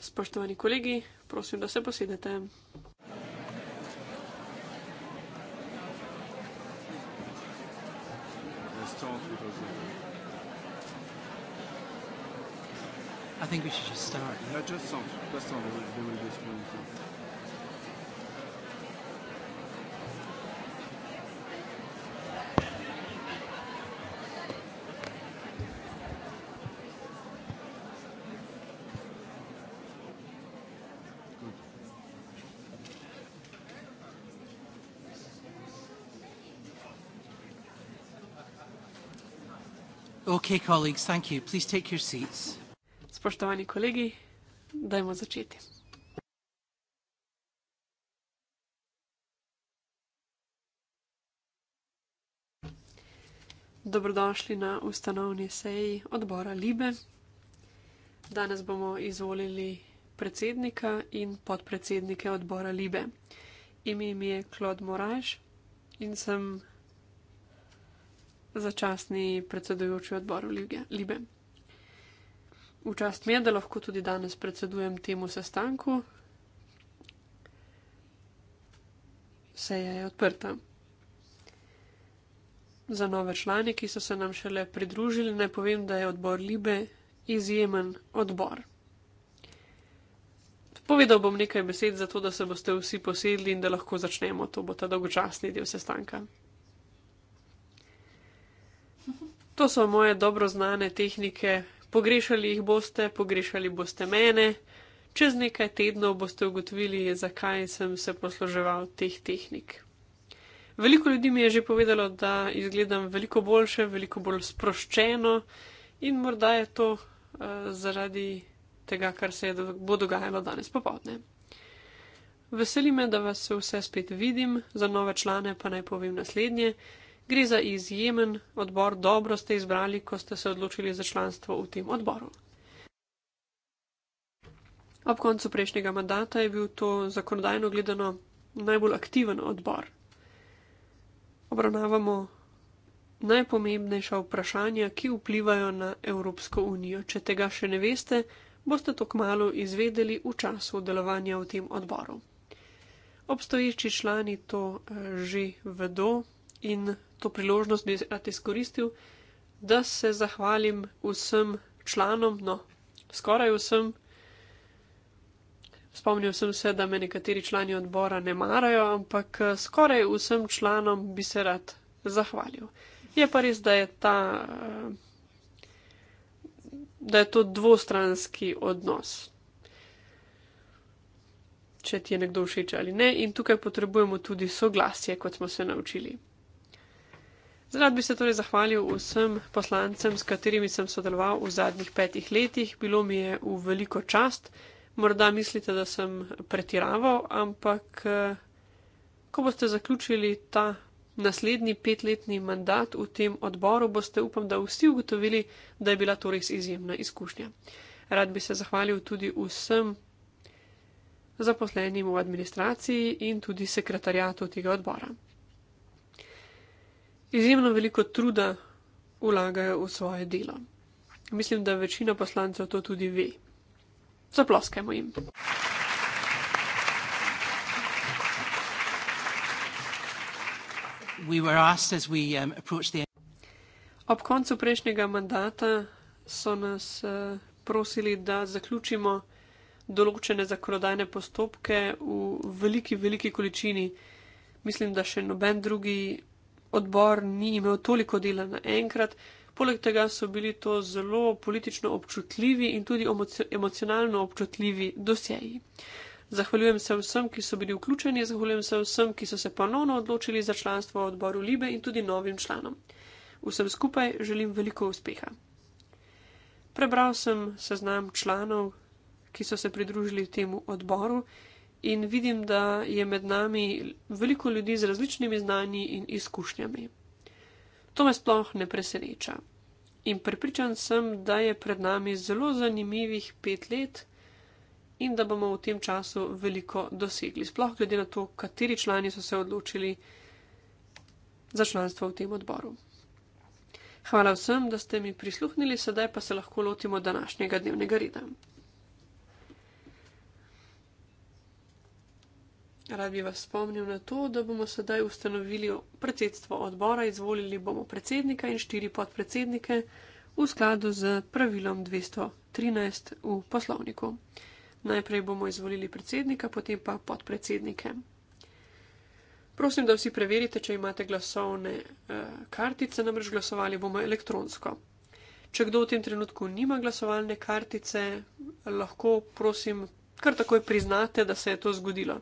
Spoštovani kolegi, prosim, da se posedete. I think we should just start. Yeah, no, just some. Just some. We'll, we'll just Okay, colleagues, thank you. Please take your seats. Spoštovani kolegi, dajmo začeti. Dobrodošli na ustanovni seji odbora Libe. Danes bomo izvolili predsednika in podpredsednike odbora Libe. Ime mi je Claude Moraš in sem začasni predsedujoči odboru Libe. V čast mi je, da lahko tudi danes predsedujem temu sestanku. Seja je odprta. Za nove člani, ki so se nam šele pridružili, ne povem, da je odbor Libe izjemen odbor. Povedal bom nekaj besed, zato da se boste vsi posedli in da lahko začnemo. To bo ta dolgočasni del sestanka. To so moje dobro znane tehnike. Pogrešali jih boste, pogrešali boste mene. Čez nekaj tednov boste ugotovili, zakaj sem se posloževal teh tehnik. Veliko ljudi mi je že povedalo, da izgledam veliko boljše, veliko bolj sproščeno in morda je to uh, zaradi tega, kar se do bo dogajalo danes popovdne. Veseli me, da vas vse spet vidim, za nove člane pa naj povem naslednje. Gre za izjemen odbor, dobro ste izbrali, ko ste se odločili za članstvo v tem odboru. Ob koncu prejšnjega mandata je bil to zakonodajno gledano najbolj aktiven odbor. Obravnavamo najpomembnejša vprašanja, ki vplivajo na Evropsko unijo. Če tega še ne veste, boste to kmalo izvedeli v času delovanja v tem odboru. Obstoječi člani to eh, že vedo, in to priložnost bi rad izkoristil, da se zahvalim vsem članom, no, skoraj vsem. Spomnil sem se, da me nekateri člani odbora ne marajo, ampak eh, skoraj vsem članom bi se rad zahvalil. Je pa res, da je, ta, eh, da je to dvostranski odnos. Če ti je nekdo všeč ali ne, in tukaj potrebujemo tudi soglasje, kot smo se naučili. Rad bi se torej zahvalil vsem poslancem, s katerimi sem sodeloval v zadnjih petih letih. Bilo mi je v veliko čast. Morda mislite, da sem pretiraval, ampak eh, ko boste zaključili ta naslednji petletni mandat v tem odboru, boste upam, da vsi ugotovili, da je bila to res izjemna izkušnja. Rad bi se zahvalil tudi vsem zaposlenim v administraciji in tudi sekretarjatu tega odbora izjemno veliko truda vlagajo v svoje delo. Mislim, da večina poslancev to tudi ve. Zaploskajmo jim. We asked, we, um, the... Ob koncu prejšnjega mandata so nas uh, prosili, da zaključimo določene zakonodajne postopke v veliki, veliki količini. Mislim, da še noben drugi odbor ni imel toliko dela naenkrat, poleg tega so bili to zelo politično občutljivi in tudi emocionalno občutljivi dosjeji. Zahvaljujem se vsem, ki so bili vključeni, zahvaljujem se vsem, ki so se ponovno odločili za članstvo v odboru Libe in tudi novim članom. Vsem skupaj želim veliko uspeha. Prebral sem seznam članov, ki so se pridružili temu odboru in vidim, da je med nami veliko ljudi z različnimi znanji in izkušnjami. To me sploh ne preseneča. In prepričan sem, da je pred nami zelo zanimivih pet let in da bomo v tem času veliko dosegli, sploh glede na to, kateri člani so se odločili za članstvo v tem odboru. Hvala vsem, da ste mi prisluhnili, sedaj pa se lahko lotimo današnjega dnevnega reda. Rad bi vas spomnil na to, da bomo sedaj ustanovili predsedstvo odbora, izvolili bomo predsednika in štiri podpredsednike v skladu z pravilom 213 v poslovniku. Najprej bomo izvolili predsednika, potem pa podpredsednike. Prosim, da vsi preverite, če imate glasovne eh, kartice, namreč glasovali bomo elektronsko. Če kdo v tem trenutku nima glasovalne kartice, lahko prosim kar takoj priznate, da se je to zgodilo.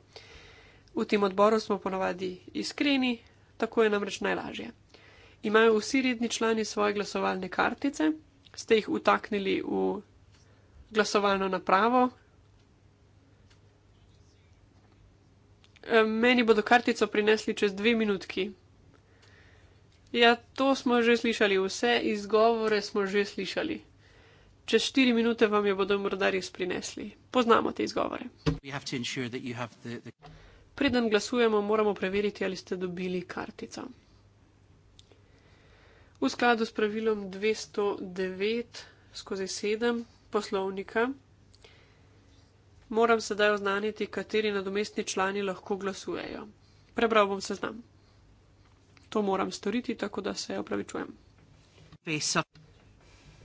V tem odboru smo ponavadi iskreni, tako je namreč najlažje. Imajo vsi redni člani svoje glasovalne kartice, ste jih utaknili v glasovalno napravo. Meni bodo kartico prinesli čez dve minutki. Ja, to smo že slišali, vse izgovore smo že slišali. Čez štiri minute vam jo bodo morda res prinesli. Poznamo te izgovore. Preden glasujemo, moramo preveriti, ali ste dobili kartico. V skladu s pravilom 209 skozi 7 poslovnika moram sedaj oznaniti, kateri nadomestni člani lahko glasujejo. Prebral bom seznam. To moram storiti, tako da se opravičujem. Veso.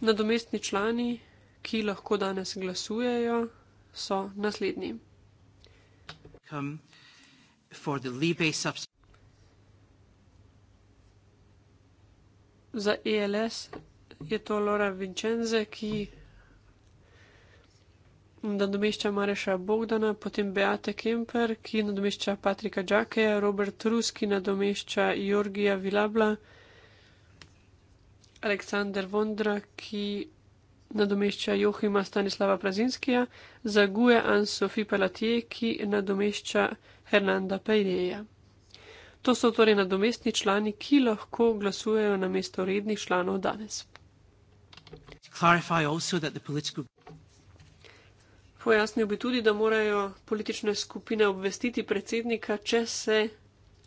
Nadomestni člani, ki lahko danes glasujejo, so naslednji. Come for the Libe Za ELS je to Lora Vincenze, ki nadomešča Mareša Bogdana, potem Beate Kemper, ki nadomešča Patrika Džakeja, Robert Rus, ki nadomešča Jorgija Vilabla, Aleksandr Vondra, ki nadomešča Johima Stanislava Prazinskija, Zaguje Ansofi Palatije, ki nadomešča Hernanda Pereja. To so torej nadomestni člani, ki lahko glasujejo na mesto rednih članov danes. Pojasnil bi tudi, da morajo politične skupine obvestiti predsednika, če se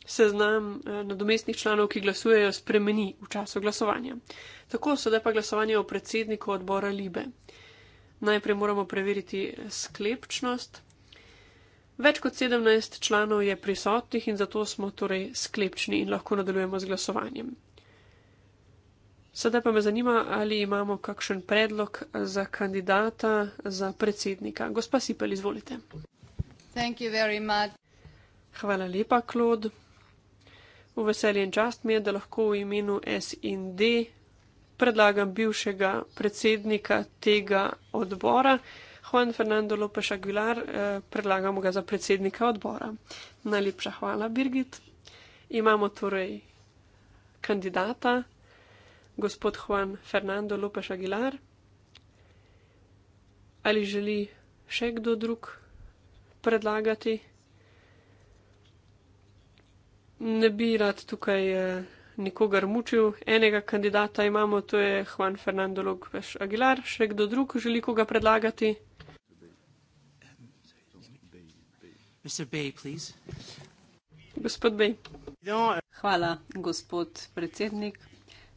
seznam eh, nadomestnih članov, ki glasujejo, spremeni v času glasovanja. Tako sedaj pa glasovanje o predsedniku odbora Libe. Najprej moramo preveriti eh, sklepčnost. Več kot 17 članov je prisotnih in zato smo torej sklepčni in lahko nadaljujemo z glasovanjem. Sedaj pa me zanima, ali imamo kakšen predlog za kandidata za predsednika. Gospa Sipel, izvolite. Hvala lepa, Klod. V veselje in čast mi je, da lahko v imenu SND predlagam bivšega predsednika tega odbora. Juan Fernando Lopes Aguilar, eh, predlagamo ga za predsednika odbora. Najlepša hvala, Birgit. Imamo torej kandidata, gospod Juan Fernando Lopes Aguilar. Ali želi še kdo drug predlagati? Ne bi rad tukaj eh, nikogar mučil. Enega kandidata imamo, to je Juan Fernando Lopes Aguilar. Še kdo drug želi koga predlagati? Gospod Bej. Hvala, gospod predsednik.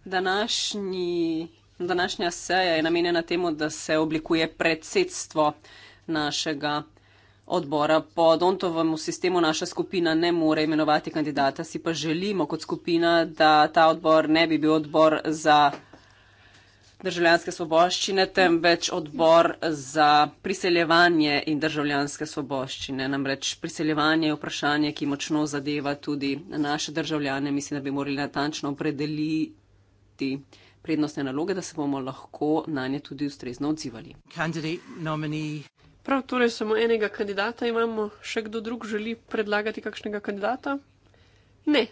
Današnji, današnja seja je namenjena temu, da se oblikuje predsedstvo našega odbora. Po Dontovem sistemu naša skupina ne more imenovati kandidata, si pa želimo kot skupina, da ta odbor ne bi bil odbor za državljanske svoboščine, temveč odbor za priseljevanje in državljanske svoboščine. Namreč priseljevanje je vprašanje, ki močno zadeva tudi naše državljane. Mislim, da bi morali natančno opredeliti prednostne naloge, da se bomo lahko na nje tudi ustrezno odzivali. Prav, torej samo enega kandidata imamo, še kdo drug želi predlagati kakšnega kandidata? Ne,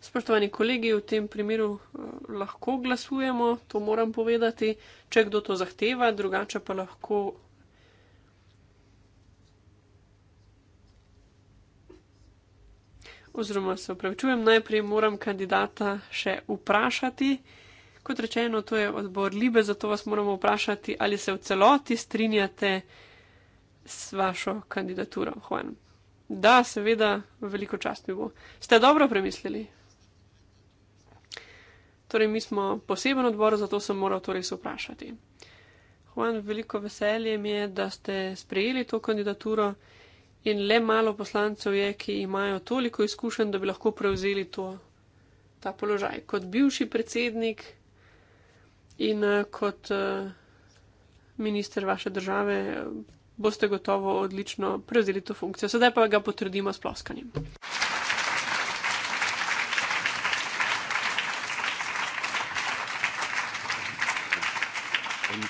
Spoštovani kolegi, v tem primeru eh, lahko glasujemo, to moram povedati, če kdo to zahteva, drugače pa lahko. Oziroma, se upravičujem, najprej moram kandidata še vprašati. Kot rečeno, to je odbor Libe, zato vas moramo vprašati, ali se v celoti strinjate s vašo kandidaturo. Hvan. Da, seveda, veliko čast mi bo. Ste dobro premislili? Torej, mi smo poseben odbor, zato sem moral to res vprašati. Juan, veliko veselje mi je, da ste sprejeli to kandidaturo in le malo poslancev je, ki imajo toliko izkušenj, da bi lahko prevzeli to, ta položaj. Kot bivši predsednik in eh, kot eh, minister vaše države eh, boste gotovo odlično prevzeli to funkcijo. Sedaj pa ga potrdimo s ploskanjem.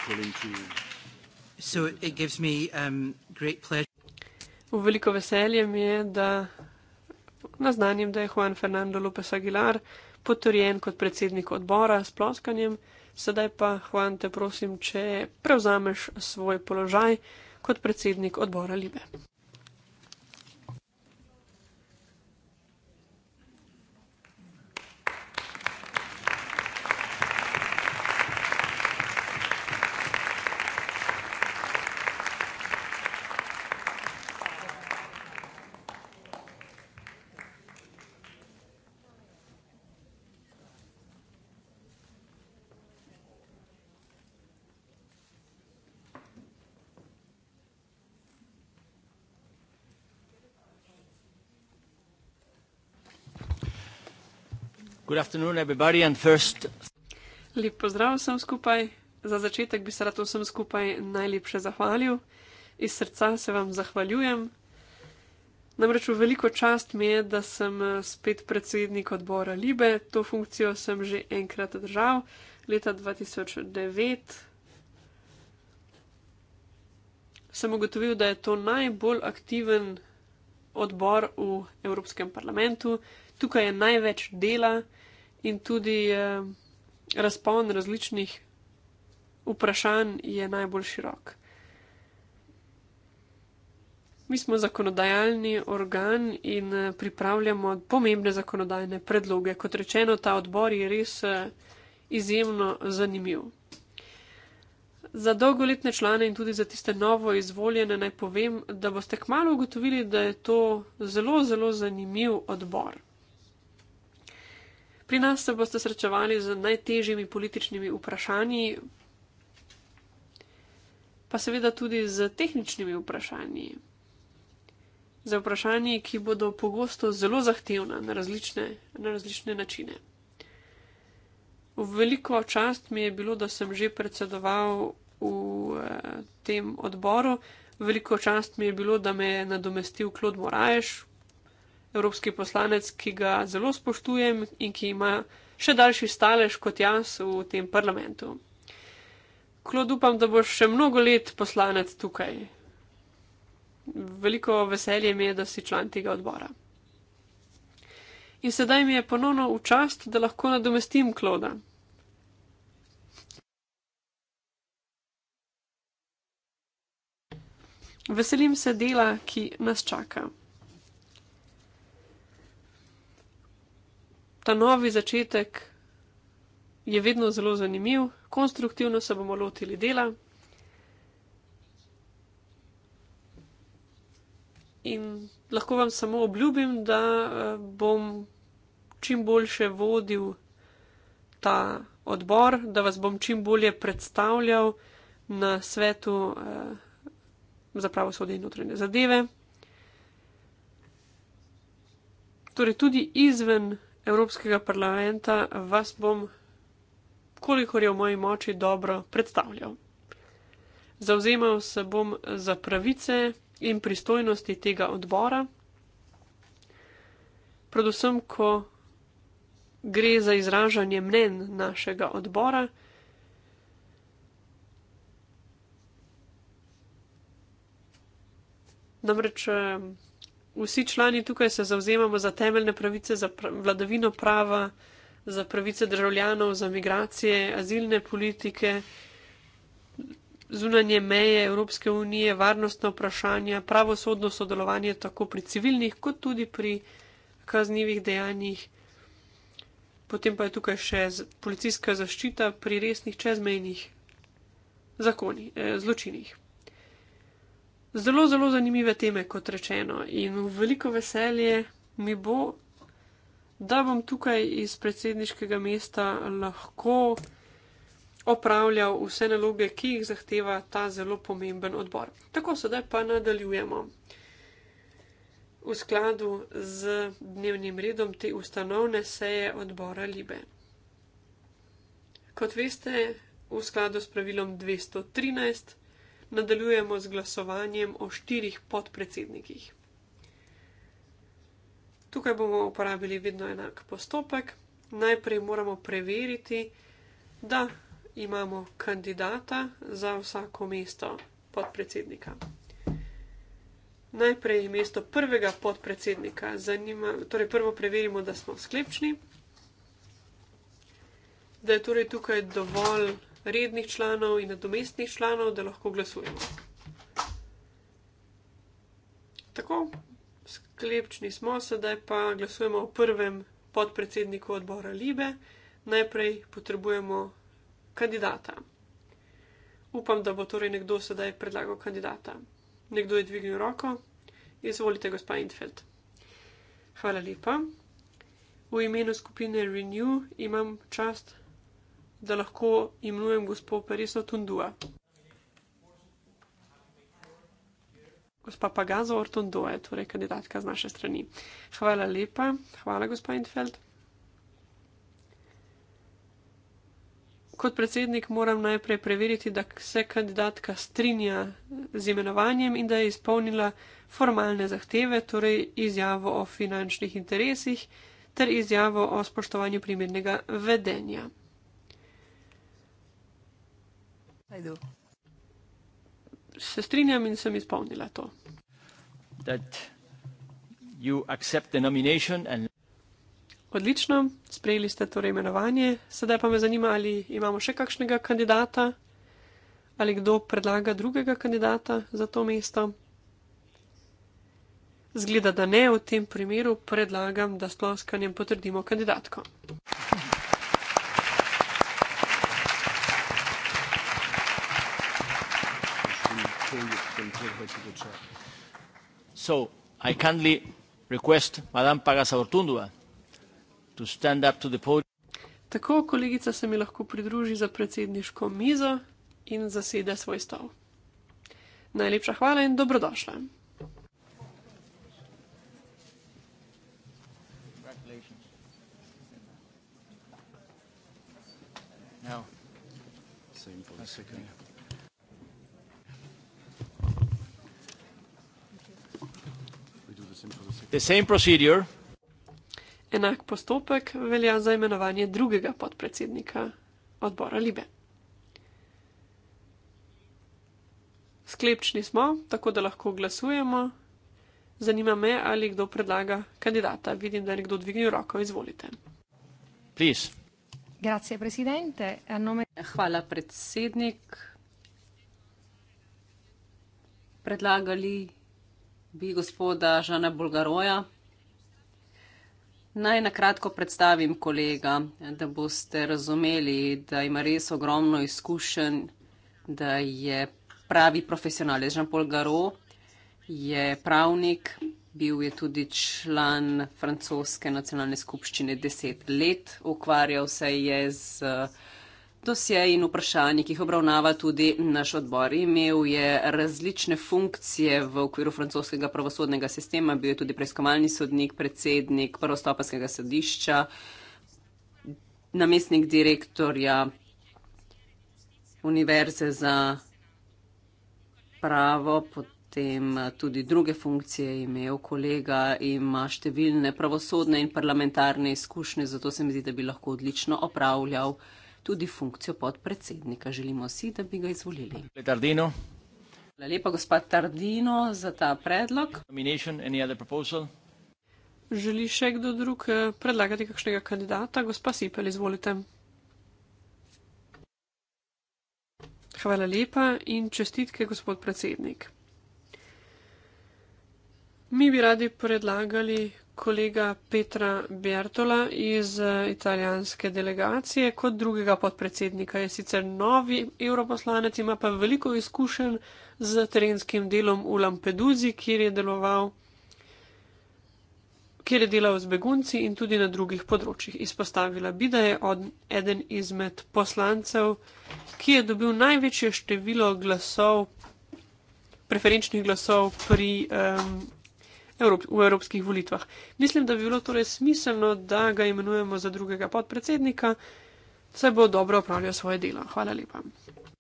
Um, v veliko veselje mi je, da naznanjem, da je Juan Fernando López Aguilar potrjen kot predsednik odbora s ploskanjem. Sedaj pa, Juan, te prosim, če prevzameš svoj položaj kot predsednik odbora Libe. Good afternoon, everybody, and first. Lep pozdrav vsem skupaj. Za začetek bi se rad vsem skupaj najlepše zahvalil. Iz srca se vam zahvaljujem. Namreč v veliko čast mi je, da sem spet predsednik odbora Libe. To funkcijo sem že enkrat držal, leta 2009. Sem ugotovil, da je to najbolj aktiven odbor v Evropskem parlamentu. Tukaj je največ dela in tudi eh, razpon različnih vprašanj je najbolj širok. Mi smo zakonodajalni organ in eh, pripravljamo pomembne zakonodajne predloge. Kot rečeno, ta odbor je res eh, izjemno zanimiv. Za dolgoletne člane in tudi za tiste novo izvoljene naj povem, da boste kmalo ugotovili, da je to zelo, zelo zanimiv odbor. Pri nas se boste srečevali z najtežjimi političnimi vprašanji, pa seveda tudi z tehničnimi vprašanji. Za vprašanji, ki bodo pogosto zelo zahtevna na različne, na različne načine. Veliko čast mi je bilo, da sem že predsedoval v eh, tem odboru. Veliko čast mi je bilo, da me je nadomestil Klod Moraješ, evropski poslanec, ki ga zelo spoštujem in ki ima še daljši stalež kot jaz v tem parlamentu. Klod, upam, da boš še mnogo let poslanec tukaj. Veliko veselje mi je, da si član tega odbora in sedaj mi je ponovno v čast, da lahko nadomestim Kloda. Veselim se dela, ki nas čaka. Ta novi začetek je vedno zelo zanimiv, konstruktivno se bomo lotili dela. in lahko vam samo obljubim, da eh, bom čim boljše vodil ta odbor, da vas bom čim bolje predstavljal na svetu eh, za pravosodje in notranje zadeve. Torej, tudi izven Evropskega parlamenta vas bom, kolikor je v moji moči, dobro predstavljal. Zauzemal se bom za pravice in pristojnosti tega odbora, predvsem, ko gre za izražanje mnen našega odbora. Namreč vsi člani tukaj se zauzemamo za temeljne pravice, za vladavino prava, za pravice državljanov, za migracije, azilne politike zunanje meje Evropske unije, varnostna vprašanja, pravosodno sodelovanje tako pri civilnih, kot tudi pri kaznjivih dejanjih. Potem pa je tukaj še policijska zaščita pri resnih čezmejnih zakoni, eh, zločinih. Zelo, zelo zanimive teme, kot rečeno, in veliko veselje mi bo, da bom tukaj iz predsedniškega mesta lahko opravljal vse naloge, ki jih zahteva ta zelo pomemben odbor. Tako sedaj pa nadaljujemo. V skladu z dnevnim redom te ustanovne seje odbora Libe. Kot veste, v skladu s pravilom 213 nadaljujemo z glasovanjem o štirih podpredsednikih. Tukaj bomo uporabili vedno enak postopek. Najprej moramo preveriti, da imamo kandidata za vsako mesto podpredsednika. Najprej mesto prvega podpredsednika, Zanima, torej prvo preverimo, da smo sklepčni, da je torej tukaj dovolj rednih članov in nadomestnih članov, da lahko glasujemo. Tako, sklepčni smo, sedaj pa glasujemo o prvem podpredsedniku odbora Libe. Najprej potrebujemo kandidata. Upam, da bo torej nekdo sedaj predlagal kandidata. Nekdo je dvignil roko. Izvolite, gospa Infeld. Hvala lepa. V imenu skupine Renew imam čast, da lahko imenujem gospod Pariso Tundua. Gospa Pagazo Ortondo je torej kandidatka z naše strani. Hvala lepa, hvala gospa Infeld. kot predsednik moram najprej preveriti, da se kandidatka strinja z imenovanjem in da je izpolnila formalne zahteve, torej izjavo o finančnih interesih ter izjavo o spoštovanju primernega vedenja. Se strinjam in sem izpolnila to. Odlično, sprejeli ste torej imenovanje. Sedaj pa me zanima, ali imamo še kakšnega kandidata, ali kdo predlaga drugega kandidata za to mesto. Zgleda, da ne, v tem primeru predlagam, da s ploskanjem potrdimo kandidatko. So, I kindly request Madame Pagasa Ortundua Tako, kolegica se mi lahko pridruži za predsedniško mizo in zasede svoj stol. Najlepša hvala in dobrodošla. The same procedure. Enak postopek velja za imenovanje drugega podpredsednika odbora Libe. Sklepčni smo, tako da lahko glasujemo. Zanima me, ali kdo predlaga kandidata. Vidim, da je nekdo dvignil roko, izvolite. Nome... Hvala, predsednik. Predlagali bi gospoda Žana Bulgaroja. Naj na kratko predstavim kolega, da boste razumeli, da ima res ogromno izkušenj, da je pravi profesionalec. Jean-Paul Garo je pravnik, bil je tudi član francoske nacionalne skupščine deset let, ukvarjal se je z uh, dosjeji in vprašanji, ki jih obravnava tudi naš odbor. Imel je različne funkcije v okviru francoskega pravosodnega sistema, bil je tudi preiskovalni sodnik, predsednik prvostopanskega sodišča, namestnik direktorja Univerze za pravo. Tem, tudi druge funkcije je imel kolega, ima številne pravosodne in parlamentarne izkušnje, zato se mi zdi, da bi lahko odlično opravljal uh, tudi funkcijo podpredsednika. Želimo si, da bi ga izvolili. Letardino. Hvala lepa, gospod Tardino, za ta predlog. Želi še kdo drug eh, predlagati kakšnega kandidata? Gospa Sipel, izvolite. Hvala lepa in čestitke, gospod predsednik. Mi bi radi predlagali kolega Petra Bertola iz eh, italijanske delegacije kot drugega podpredsednika. Je sicer novi europoslanec, ima pa veliko izkušenj z terenskim delom v Lampeduzi, kjer je deloval, kjer je delal z begunci in tudi na drugih področjih. Izpostavila bi, da je od, eden izmed poslancev, ki je dobil največje število glasov, preferenčnih glasov pri. Um, Evrop, v evropskih volitvah. Mislim, da bi bilo torej smiselno, da ga imenujemo za drugega podpredsednika, saj bo dobro opravljal svoje delo. Hvala lepa.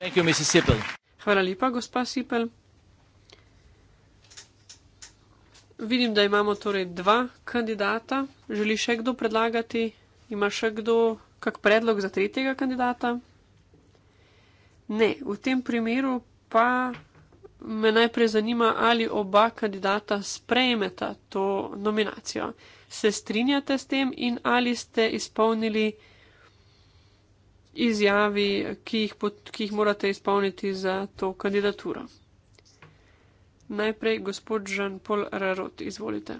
You, Hvala lepa, gospa Sipel. Vidim, da imamo torej dva kandidata. Želi še kdo predlagati? Ima še kdo kak predlog za tretjega kandidata? Ne, v tem primeru pa me najprej zanima, ali oba kandidata sprejmeta to nominacijo. Se strinjate s tem in ali ste izpolnili izjavi, ki jih, pot, ki jih morate izpolniti za to kandidaturo? Najprej gospod Žan-Pol Rarot, izvolite.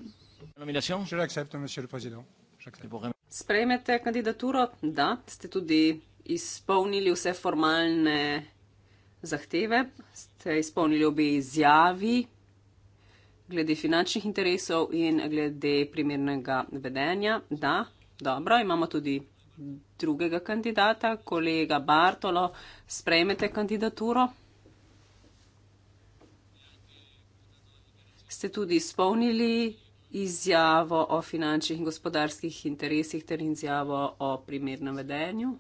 Sprejmete kandidaturo? Da, ste tudi izpolnili vse formalne zahteve, ste izpolnili obe izjavi glede finančnih interesov in glede primernega vedenja. Da, dobro, imamo tudi drugega kandidata, kolega Bartolo, sprejmete kandidaturo. Ste tudi izpolnili izjavo o finančnih in gospodarskih interesih ter izjavo o primernem vedenju.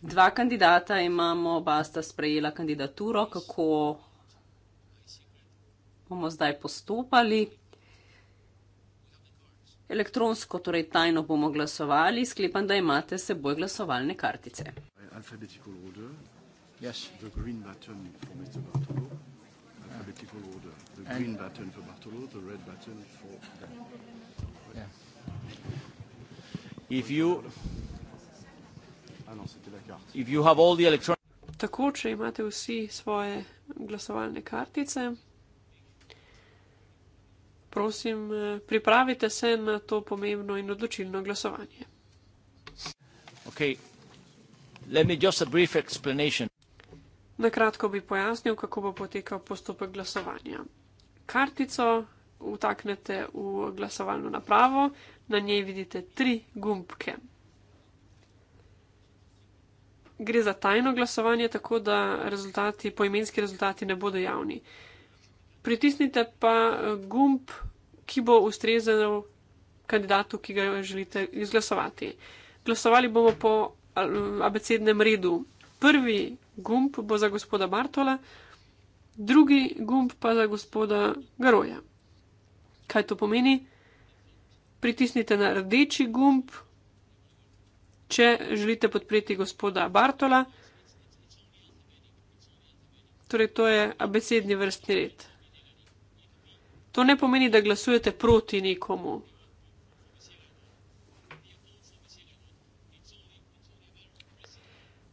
Dva kandidata imamo, oba sta sprejela kandidaturo, kako bomo zdaj postopali. Elektronsko, torej tajno bomo glasovali, sklepam, da imate seboj glasovalne kartice. Yes. No, Tako, če imate vsi svoje glasovalne kartice, prosim, eh, pripravite se na to pomembno in odločilno glasovanje. Okay. Na kratko bi pojasnil, kako bo potekal postopek glasovanja. Kartico vtaknete v glasovalno napravo, na njej vidite tri gumbke gre za tajno glasovanje, tako da rezultati, poimenski rezultati ne bodo javni. Pritisnite pa eh, gumb, ki bo ustrezal kandidatu, ki ga želite izglasovati. Glasovali bomo po eh, abecednem redu. Prvi gumb bo za gospoda Bartola, drugi gumb pa za gospoda Garoja. Kaj to pomeni? Pritisnite na rdeči gumb, Če želite podpreti gospoda Bartola, torej to je abecedni vrstni red. To ne pomeni, da glasujete proti nekomu.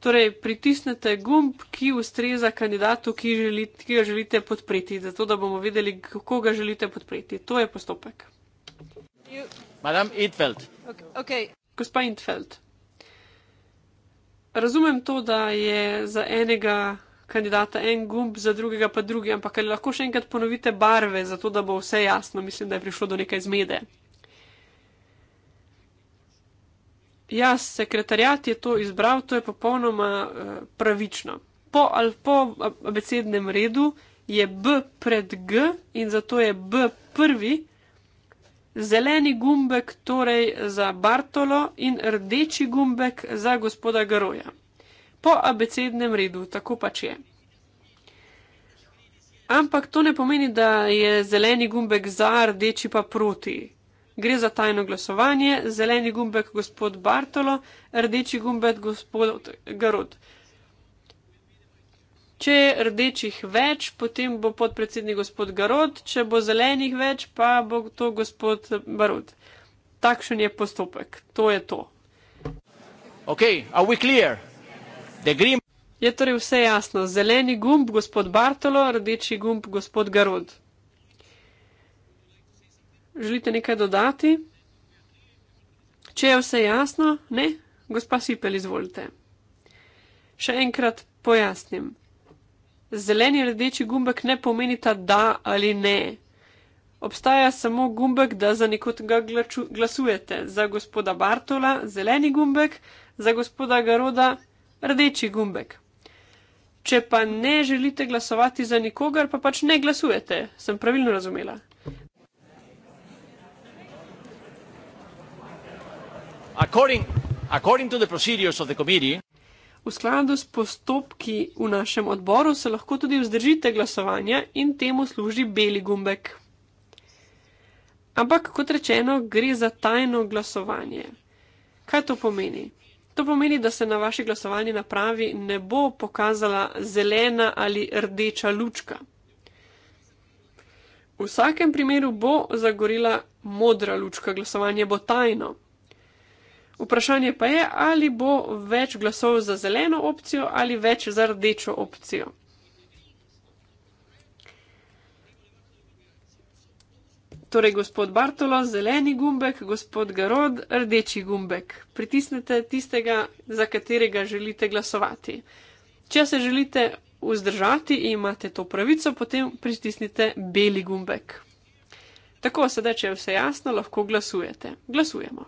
Torej, pritisnete gumb, ki ustreza kandidatu, ki, želite, ki ga želite podpreti, zato da bomo vedeli, kako ga želite podpreti. To je postopek. Madame Itfeld. Okay. Okay. Gospa Itfeld razumem to, da je za enega kandidata en gumb, za drugega pa drugi, ampak ali lahko še enkrat ponovite barve, zato da bo vse jasno, mislim, da je prišlo do neke zmede. Ja, sekretarjat je to izbral, to je popolnoma uh, pravično. Po, po abecednem redu je B pred G in zato je B prvi zeleni gumbek torej za Bartolo in rdeči gumbek za gospoda Garoja. Po abecednem redu, tako pač je. Ampak to ne pomeni, da je zeleni gumbek za, rdeči pa proti. Gre za tajno glasovanje, zeleni gumbek gospod Bartolo, rdeči gumbek gospod Garot. Če je rdečih več, potem bo podpredsednik gospod Garot, če bo zelenih več, pa bo to gospod Barut. Takšen je postopek. To je to. Okay, green... Je torej vse jasno. Zeleni gumb gospod Bartolo, rdeči gumb gospod Garot. Želite nekaj dodati? Če je vse jasno, ne? Gospa Sipel, izvolite. Še enkrat pojasnim zeleni in rdeči gumbek ne pomenita da ali ne. Obstaja samo gumbek, da za nekoga glasujete. Za gospoda Bartola zeleni gumbek, za gospoda Garoda rdeči gumbek. Če pa ne želite glasovati za nikogar, pa pač ne glasujete. Sem pravilno razumela. According, according to the procedures of the committee, V skladu s postopki v našem odboru se lahko tudi vzdržite glasovanja in temu služi beli gumbek. Ampak, kot rečeno, gre za tajno glasovanje. Kaj to pomeni? To pomeni, da se na vaši glasovanji napravi ne bo pokazala zelena ali rdeča lučka. V vsakem primeru bo zagorila modra lučka, glasovanje bo tajno. Vprašanje pa je, ali bo več glasov za zeleno opcijo ali več za rdečo opcijo. Torej, gospod Bartolo, zeleni gumbek, gospod Garod, rdeči gumbek. Pritisnete tistega, za katerega želite glasovati. Če se želite vzdržati in imate to pravico, potem pritisnite beli gumbek. Tako, sedaj, če je vse jasno, lahko glasujete. Glasujemo.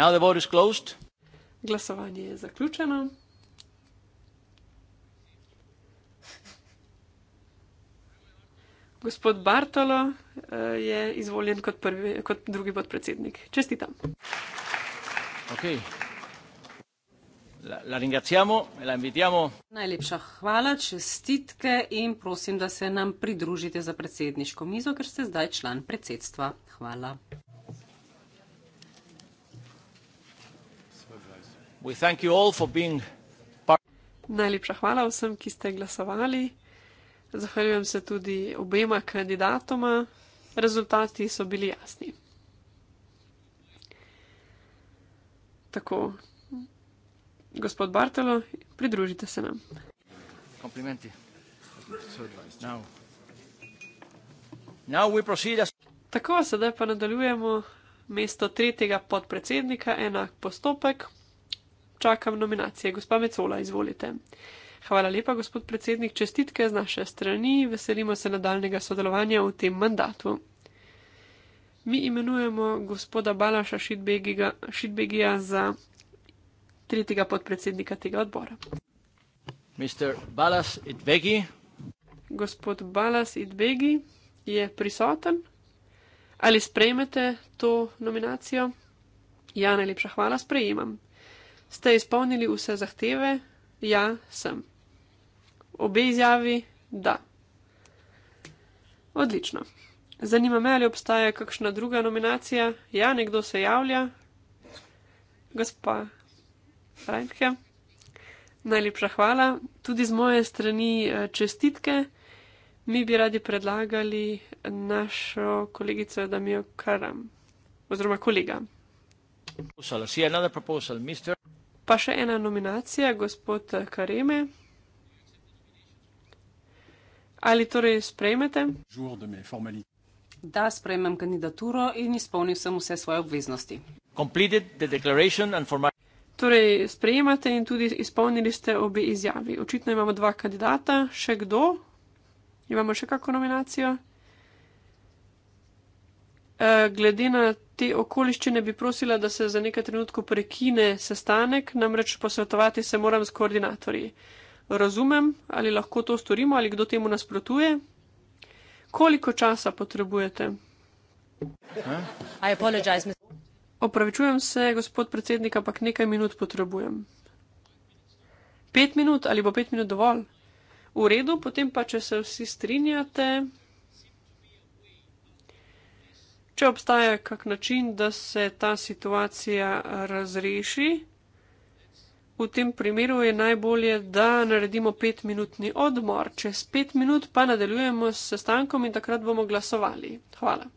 Now the vote is closed. Glasovanje je zaključeno. Gospod Bartolo eh, je izvoljen kot, prvi, kot drugi podpredsednik. Čestitam. Okay. La, la la Najlepša hvala, čestitke in prosim, da se nam pridružite za predsedniško mizo, ker ste zdaj član predsedstva. Hvala. Najlepša hvala vsem, ki ste glasovali. Zahvaljujem se tudi obema kandidatoma. Rezultati so bili jasni. Tako, gospod Bartolo, pridružite se nam. Komplimenti. Tako, sedaj pa nadaljujemo mesto tretjega podpredsednika, enak postopek čakam nominacije. Gospa Mecola, izvolite. Hvala lepa, gospod predsednik, čestitke z naše strani, veselimo se nadaljnega sodelovanja v tem mandatu. Mi imenujemo gospoda Balaša Šitbegija za tretjega podpredsednika tega odbora. Balas gospod Balas Itbegi je prisoten. Ali sprejmete to nominacijo? Ja, najlepša hvala, sprejemam. Ste izpolnili vse zahteve? Ja, sem. Obe izjavi, da. Odlično. Zanima me, ali obstaja kakšna druga nominacija. Ja, nekdo se javlja. Gospa Rajnke, najlepša hvala. Tudi z moje strani eh, čestitke. Mi bi radi predlagali našo kolegico, da mi jo karam. Oziroma kolega. Poslušala si je another proposal, mister. Pa še ena nominacija, gospod Kareme. Ali torej sprejmete? Da, sprejmem kandidaturo in izpolnil sem vse svoje obveznosti. Torej, sprejemate in tudi izpolnili ste obe izjavi. Očitno imamo dva kandidata, še kdo? Imamo še kakšno nominacijo? Eh, glede na te okoliščine bi prosila, da se za nekaj trenutkov prekine sestanek, namreč posvetovati se moram s koordinatorji. Razumem, ali lahko to storimo, ali kdo temu nasprotuje. Koliko časa potrebujete? Opravičujem se, gospod predsednik, ampak nekaj minut potrebujem. Pet minut ali bo pet minut dovolj? V redu, potem pa, če se vsi strinjate če obstaja kak način, da se ta situacija razreši, v tem primeru je najbolje, da naredimo petminutni odmor. Čez pet minut pa nadaljujemo s sestankom in takrat bomo glasovali. Hvala.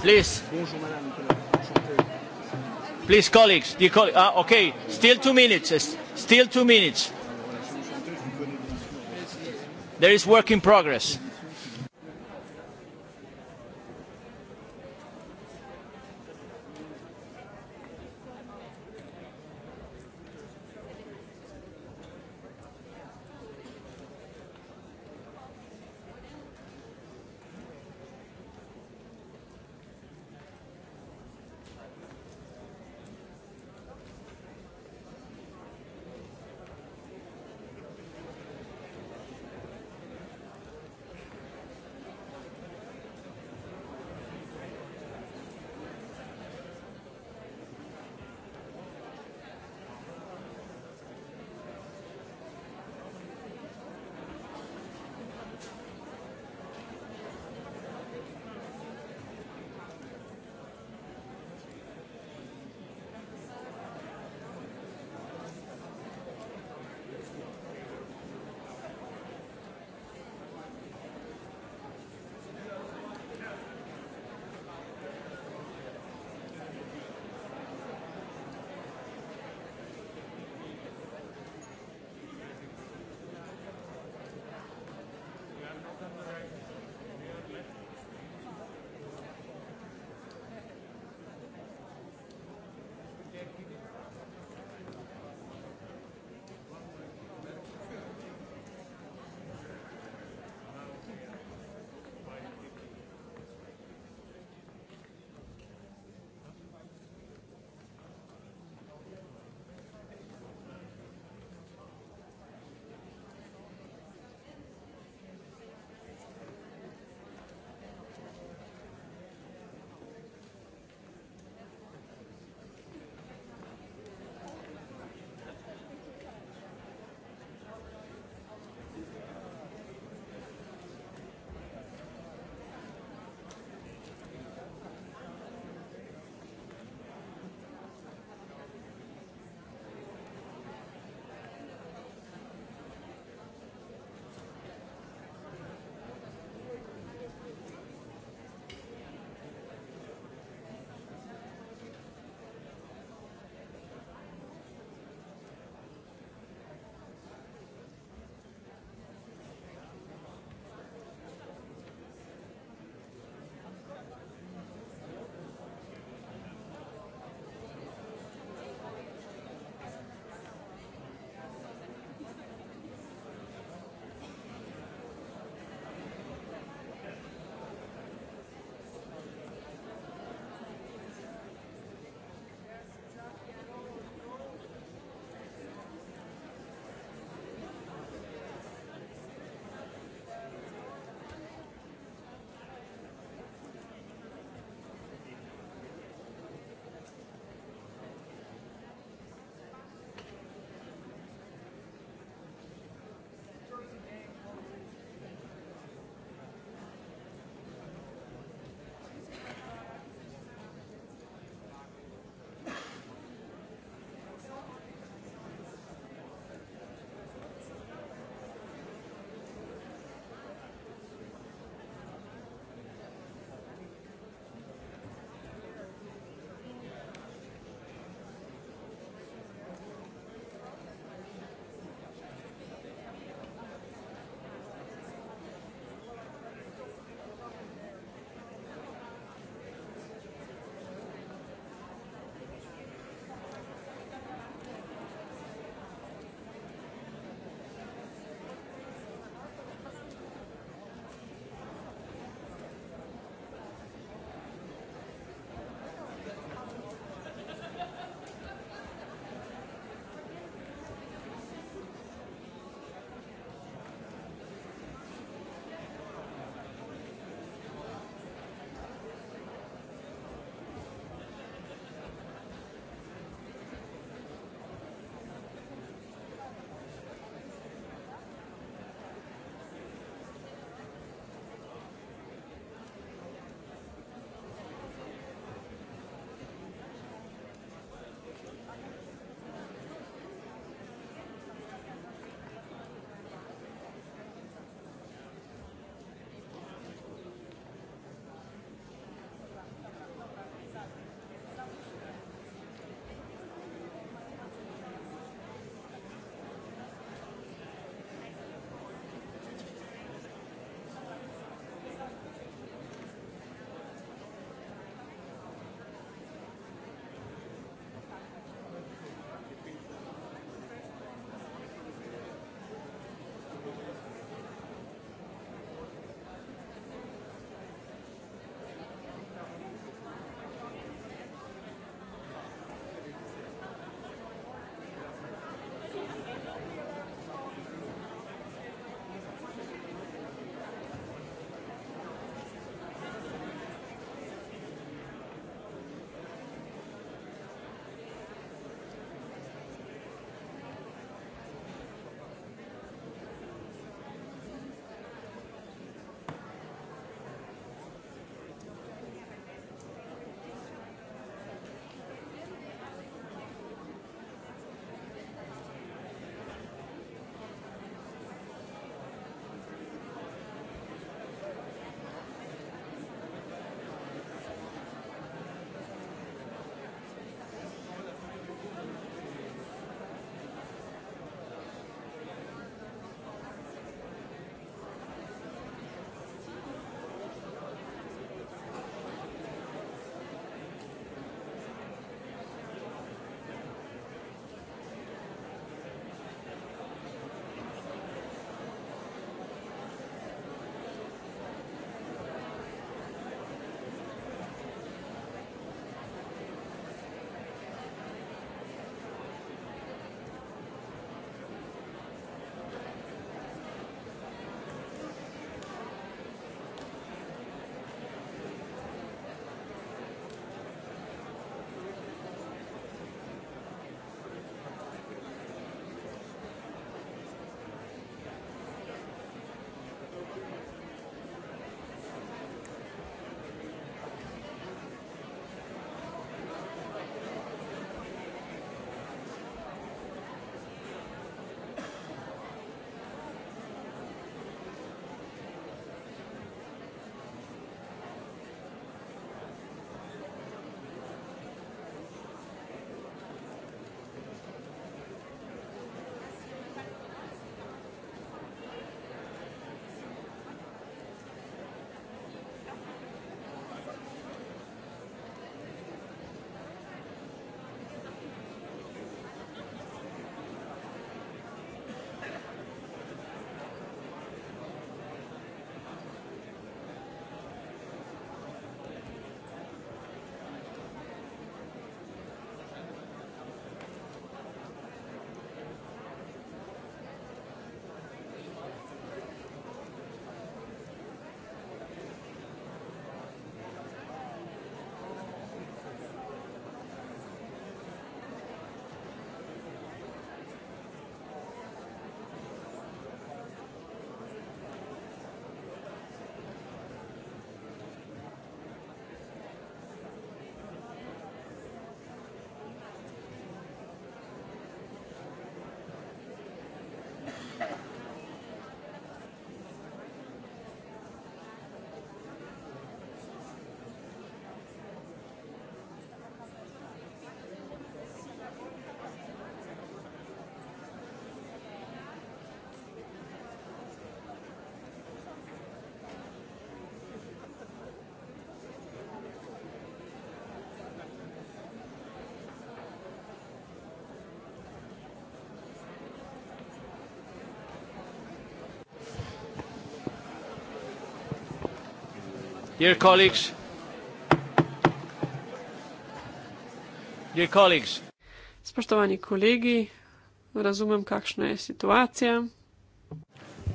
Please. Bonjour madame. Please colleagues, dear colleagues. Ah, okay, still two minutes, uh, still two minutes. There is work in progress. Dear colleagues, dear colleagues. Spoštovani kolegi, razumem, kakšna je situacija.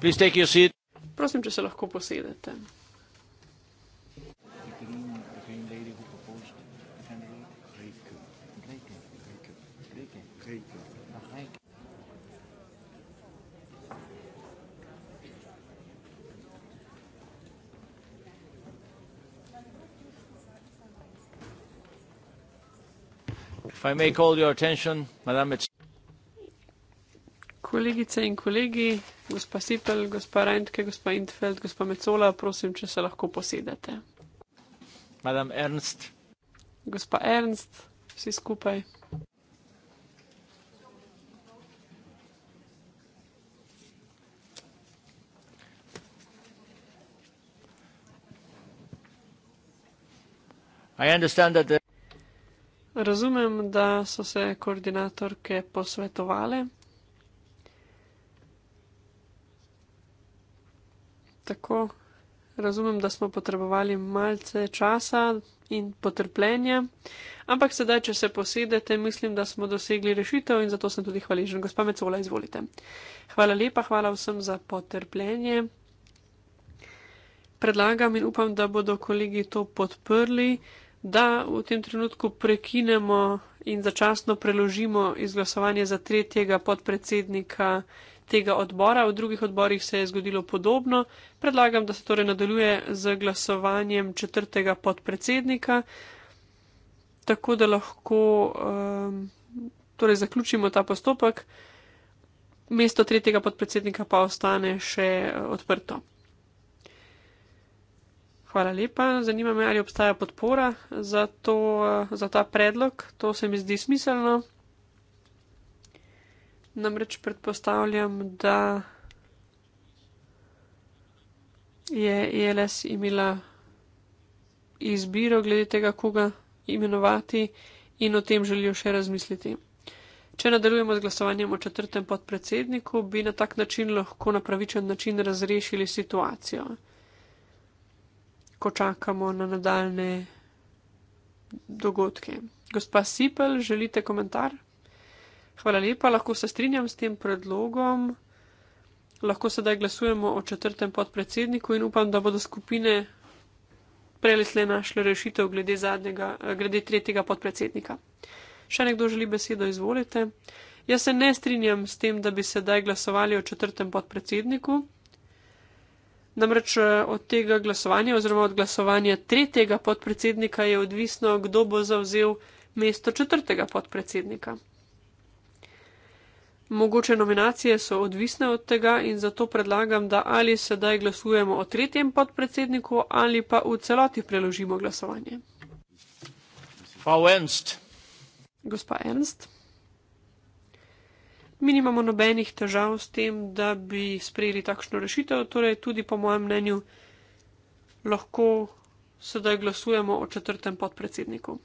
Prosim, če se lahko posedete. I may call your attention, Madame. Kolegice in kolegi, gospa Sipel, gospa Reintke, gospa Intfeld, gospa Mecola, prosim, če se lahko posedete. Madame Ernst. Gospa Ernst, vsi skupaj. I understand that the Razumem, da so se koordinatorke posvetovale. Tako, razumem, da smo potrebovali malce časa in potrpljenja, ampak sedaj, če se posedete, mislim, da smo dosegli rešitev in zato sem tudi hvaležen. Gospa Mecola, izvolite. Hvala lepa, hvala vsem za potrpljenje. Predlagam in upam, da bodo kolegi to podprli da v tem trenutku prekinemo in začasno preložimo izglasovanje za tretjega podpredsednika tega odbora. V drugih odborih se je zgodilo podobno. Predlagam, da se torej nadaljuje z glasovanjem četrtega podpredsednika, tako da lahko um, torej zaključimo ta postopek. Mesto tretjega podpredsednika pa ostane še uh, odprto. Hvala lepa. Zanima me, ali obstaja podpora za, to, za ta predlog. To se mi zdi smiselno. Namreč predpostavljam, da je ILS e imela izbiro glede tega, koga imenovati in o tem želijo še razmisliti. Če nadaljujemo z glasovanjem o četrtem podpredsedniku, bi na tak način lahko na pravičen način razrešili situacijo ko čakamo na nadaljne dogodke. Gospa Sipel, želite komentar? Hvala lepa, lahko se strinjam s tem predlogom. Lahko sedaj glasujemo o četrtem podpredsedniku in upam, da bodo skupine prelesle našle rešitev glede, zadnjega, glede tretjega podpredsednika. Še nekdo želi besedo, izvolite. Jaz se ne strinjam s tem, da bi sedaj glasovali o četrtem podpredsedniku. Namreč eh, od tega glasovanja oziroma od glasovanja tretjega podpredsednika je odvisno, kdo bo zauzel mesto četrtega podpredsednika. Mogoče nominacije so odvisne od tega in zato predlagam, da ali sedaj glasujemo o tretjem podpredsedniku ali pa v celoti preložimo glasovanje. Frau Ernst. Gospa Ernst. Mi nimamo nobenih težav s tem, da bi sprejeli takšno rešitev, torej tudi po mojem mnenju lahko sedaj glasujemo o četrtem podpredsedniku.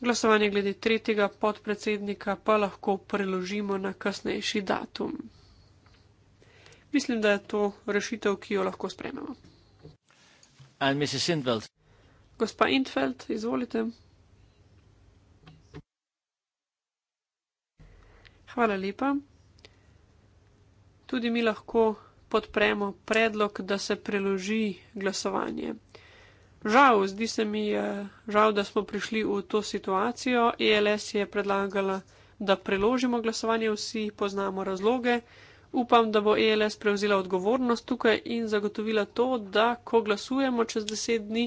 Glasovanje glede tretjega podpredsednika pa lahko preložimo na kasnejši datum. Mislim, da je to rešitev, ki jo lahko sprememo. Gospa Intfeld, izvolite. Hvala lepa. Tudi mi lahko podpremo predlog, da se preloži glasovanje. Žal, zdi se mi, žal, da smo prišli v to situacijo. ELS je predlagala, da preložimo glasovanje, vsi poznamo razloge. Upam, da bo ELS prevzela odgovornost tukaj in zagotovila to, da ko glasujemo čez deset dni,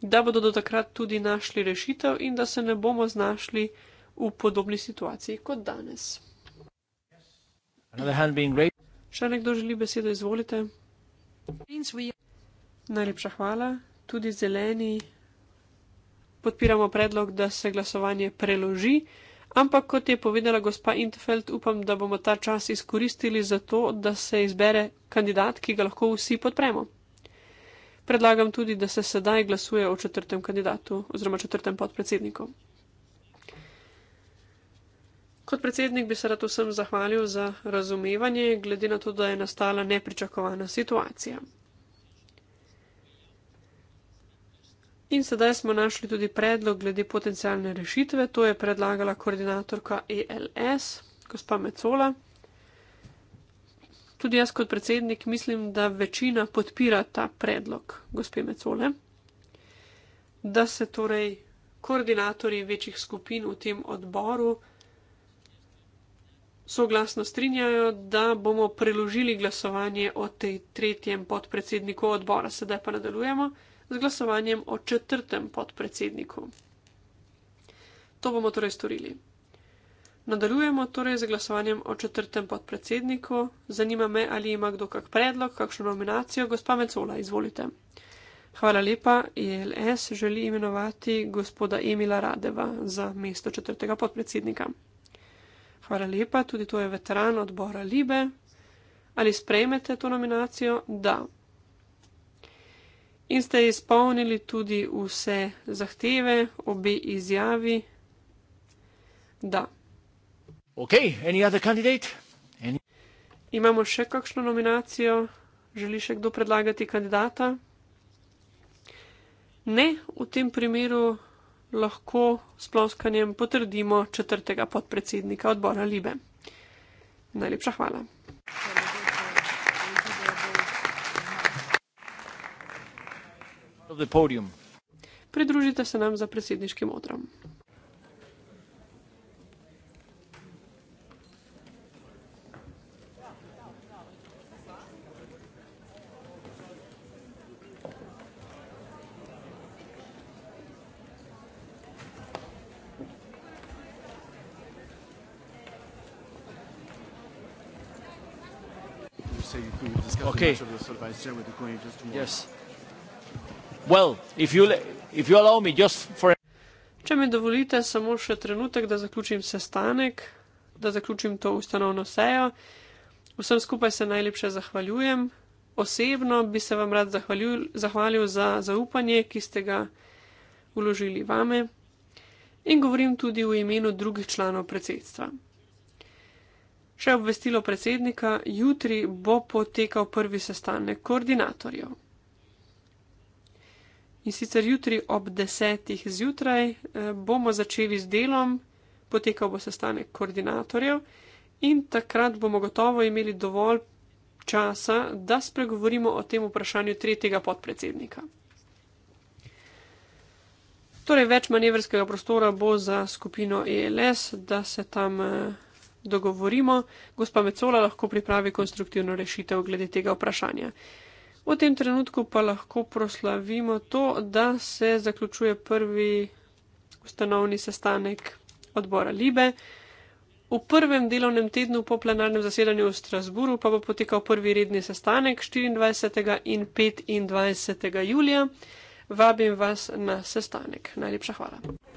da bodo do takrat tudi našli rešitev in da se ne bomo znašli v podobni situaciji kot danes. Še nekdo želi besedo, izvolite. Najlepša hvala. Tudi zeleni podpiramo predlog, da se glasovanje preloži, ampak kot je povedala gospa Intefeld, upam, da bomo ta čas izkoristili za to, da se izbere kandidat, ki ga lahko vsi podpremo. Predlagam tudi, da se sedaj glasuje o četrtem kandidatu oziroma četrtem podpredsedniku. Kot predsednik bi se rad vsem zahvalil za razumevanje, glede na to, da je nastala nepričakovana situacija. In sedaj smo našli tudi predlog glede potencijalne rešitve, to je predlagala koordinatorka ELS, gospa Mecola. Tudi jaz kot predsednik mislim, da večina podpira ta predlog gospe Mecole, da se torej koordinatorji večjih skupin v tem odboru soglasno strinjajo, da bomo preložili glasovanje o tej tretjem podpredsedniku odbora. Sedaj pa nadaljujemo z glasovanjem o četrtem podpredsedniku. To bomo torej storili. Nadaljujemo torej z glasovanjem o četrtem podpredsedniku. Zanima me, ali ima kdo kak predlog, kakšno nominacijo. Gospa Mecola, izvolite. Hvala lepa. ILS e želi imenovati gospoda Emila Radeva za mesto četrtega podpredsednika hvala lepa, tudi to je veteran odbora Libe. Ali sprejmete to nominacijo? Da. In ste izpolnili tudi vse zahteve, obe izjavi? Da. Ok, any other candidate? Any... Imamo še kakšno nominacijo? Želi še kdo predlagati kandidata? Ne, v tem primeru lahko s ploskanjem potrdimo četrtega podpredsednika odbora Libe. Najlepša hvala. Pridružite se nam za predsedniškim odrom. say you could discuss okay. the match of the Solvay share with the coin just tomorrow. Yes. Well, if you, if you allow me just for. Če mi dovolite samo še trenutek, da zaključim sestanek, da zaključim to ustanovno sejo. Vsem skupaj se najlepše zahvaljujem. Osebno bi se vam rad zahvalil, zahvalil za zaupanje, ki ste ga uložili vame. In govorim tudi v imenu drugih članov predsedstva. Še obvestilo predsednika, jutri bo potekal prvi sestanek koordinatorjev. In sicer jutri ob desetih zjutraj eh, bomo začeli z delom, potekal bo sestanek koordinatorjev in takrat bomo gotovo imeli dovolj časa, da spregovorimo o tem vprašanju tretjega podpredsednika. Torej, več manevrskega prostora bo za skupino ELS, da se tam eh, dogovorimo, gospa Mecola lahko pripravi konstruktivno rešitev glede tega vprašanja. V tem trenutku pa lahko proslavimo to, da se zaključuje prvi ustanovni sestanek odbora Libe. V prvem delovnem tednu po plenarnem zasedanju v Strasburu pa bo potekal prvi redni sestanek 24. in 25. julija. Vabim vas na sestanek. Najlepša hvala.